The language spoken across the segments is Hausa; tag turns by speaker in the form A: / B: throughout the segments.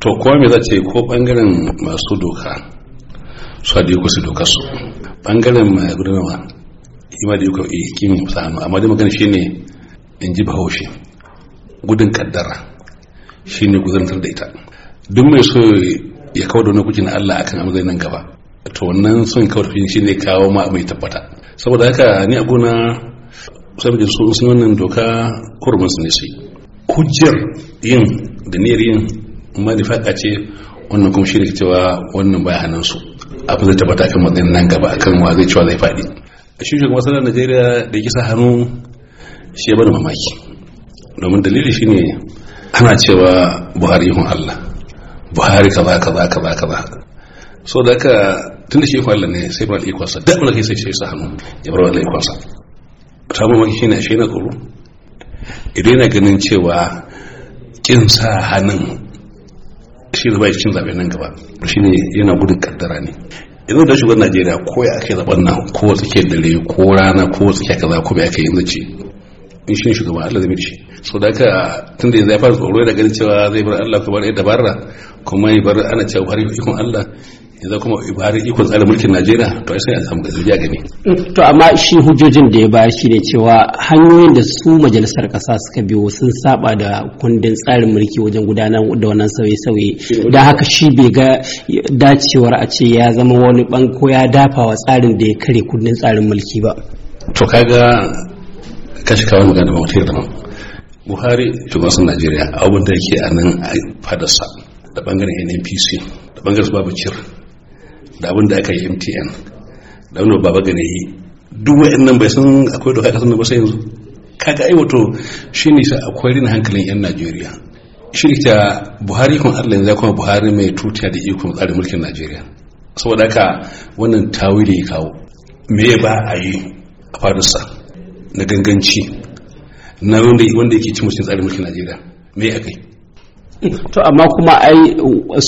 A: to kuma mai zace ko bangaren masu doka su haɗe ku su doka su bangaren mai gudanarwa ima da yuka kimi musa hannu amma dai magana ne in ji bahaushe gudun kaddara ne guzantar da ita duk mai so ya kawo da wani kuci na Allah akan amzai nan gaba to wannan son kawo da shi ne kawo ma mai tabbata saboda haka ni a gona saboda su sun wannan doka kurmin su ne su hujjar yin da niyar yin faɗa ce wannan kuma shi da cewa wannan baya hannun su abin zai tabbata kan matsayin nan gaba akan wa zai cewa zai faɗi a shi shugaban sanar najeriya da kisa hannu shi ya bani mamaki domin dalili shine ana cewa buhari yi allah buhari kaza kaza kaza kaza so da aka tun da shi kwallon ne sai ba da ikonsa da abin da sai shi sa hannu ya bar wannan sa. ta mamaki shine shi na koro idan na ganin cewa kin sa hannun shi zama cin zaɓe nan gaba ne yana gudun kaddara ne idan da shugaban najeriya ko ya ake zaɓen nan ko tsakiyar dare ko rana ko tsakiyar kaza ko bai aka yi zace in shi shugaban allah zai so da haka tunda da ya fara tsoro da ganin cewa zai bar allah kuma ya dabara kuma ya bar ana cewa har ikon allah yanzu kuma ibarin ikon tsarin mulkin najeriya to sai a samu gaskiya gani
B: to amma shi hujjojin da ya bayar shi ne cewa hanyoyin da su majalisar kasa suka biyo sun saba da kundin tsarin mulki wajen gudanar da wannan sauye-sauye da haka shi bai ga dacewar a ce ya zama wani banko ya dafa wa tsarin da ya kare kundin tsarin mulki ba
A: to kaga kashi kawai magana ba mutum da buhari shugaban najeriya abubuwan da yake a nan a fadarsa da bangaren nnpc da bangaren su babu cire da abin da aka yi mtn da wani baba gane yi duk nan bai san akwai doka kasar ba sai yanzu kaga ai wato shine sa akwai rina hankalin yan najeriya ta buhari kun allah yanzu kuma buhari mai tutiya da ikon tsarin mulkin najeriya saboda haka wannan tawili ya kawo me ba a yi a fadarsa na ganganci na wanda yake ci mutum tsarin mulkin najeriya me ya kai
B: to amma kuma ai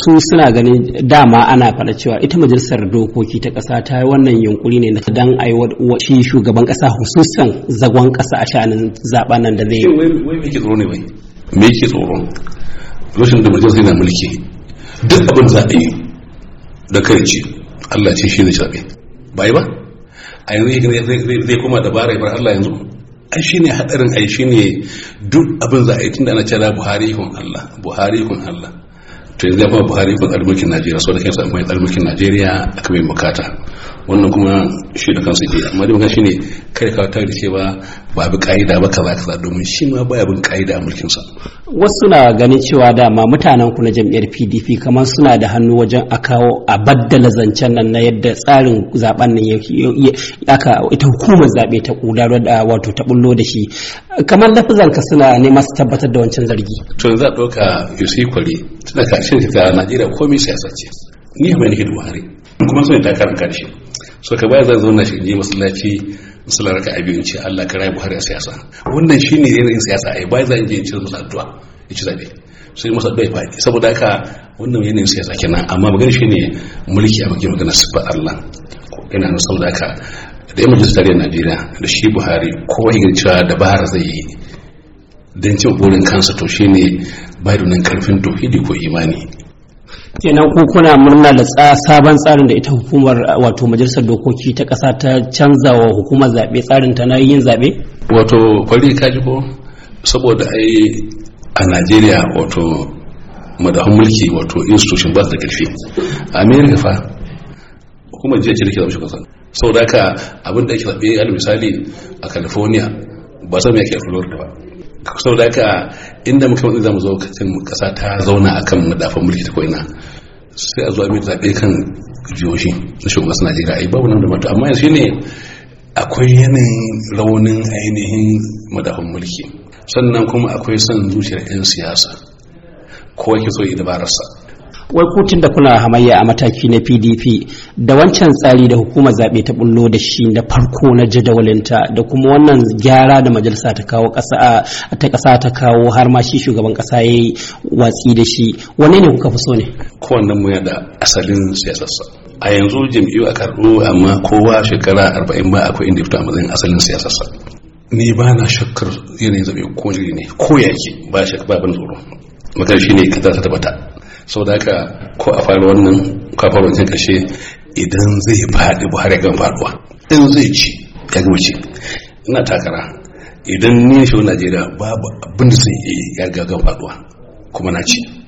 B: su suna ganin dama ana fara cewa ita majalisar dokoki ta ƙasa ta yi wannan yunkuri ne dan ai shi shugaban ƙasa hususan zagon ƙasa a shanin zaɓa nan
A: da zai wai me yake tsoro ne wai me ke tsoro lokacin da majalisar yana mulki duk abin za a yi da kai ce Allah ce shi ne shaɓe ba yi ba a yanzu zai koma dabara ya bar Allah yanzu ai shine hadarin ai shine duk abin za a yi tunda ana cewa buhari kun Allah buhari kun Allah to yanzu ya fara buhari ban mulkin najeriya sau da kai samu mai mulkin najeriya a kan bukata wannan kuma shi da kansu ke amma dai shi ne kai kawo ta da cewa ba bi ka'ida ba kaza kaza domin shi ma baya bin ka'ida a mulkinsa
B: wasu na ganin cewa dama mutanen ku na jam'iyyar pdp kamar suna da hannu wajen a kawo a baddala zancen nan na yadda tsarin zaben nan aka ita hukumar zaɓe ta ƙudar da wato ta bullo da shi kamar lafizanka suna neman su tabbatar da wancan zargi
A: to yanzu a ɗauka yusi kwari tana kashi sai ta najeriya komai siyasa ce ni mai nake da buhari kuma so ne takarar karshe so ka baya zan na shi je masallaci musallar ka abin ce Allah ka rayu buhari a siyasa wannan shine yanayin siyasa ai baya zan je in ce masa addu'a in ci zabe sai masa addu'a ya faɗi saboda haka wannan yanayin siyasa kenan amma magana shine mulki a magana magana sifar Allah ina nan saboda haka da yamma jinsu tarayyar najeriya da shi buhari kowa yin cewa dabara zai yi don cin burin kansa to shine ba nan karfin tauhidi ko imani
B: kenan ku kuna murna da sabon tsarin da ita hukumar wato majalisar dokoki ta ƙasa ta canza wa hukumar zaɓe tsarin ta na yin zaɓe
A: wato kwari ji ko saboda ai a najeriya wato madahun mulki wato institution ba su da ƙarfi a america fa hukumar jiya ce da ke zaɓe shugaban saboda haka abin da ake zaɓe misali a california ba zama yake a florida ba da haka inda muka za zama zo kacin kasa ta zauna a kan madafan mulki ta ko'ina sai a zuwa mai zaɓe kan jihohi na shugaban ƙasar najeriya ai babu nan da mata amma yanzu ne akwai yanayin raunin ainihin madafan mulki sannan kuma akwai son zuciyar 'yan siyasa kowa ke so ya dabararsa
B: wai kutun da kuna hamayya a mataki na pdp da wancan tsari da hukumar zaɓe ta bullo da shi da farko na jadawalinta da kuma wannan gyara da majalisa ta kawo ta ƙasa ta kawo har ma shi shugaban ƙasa ya yi watsi da shi wane ne kuka fi
A: so ne kowannen mu da asalin siyasarsa a yanzu jam'iyyu a karɓo amma kowa shekara arba'in ba akwai inda fito a matsayin asalin siyasarsa ni ba na shakkar yanayin zaɓe ko jiri ne ko yake ba shakka ba ban tsoro magana shine ka ta tabbata sau da ka ko a fara wannan kafar wancan kashe idan zai faɗi buhari gan faɗuwa idan zai ci ya gama ci ina takara idan ni najeriya babu abin da sun yi ya gagan faɗuwa kuma na ci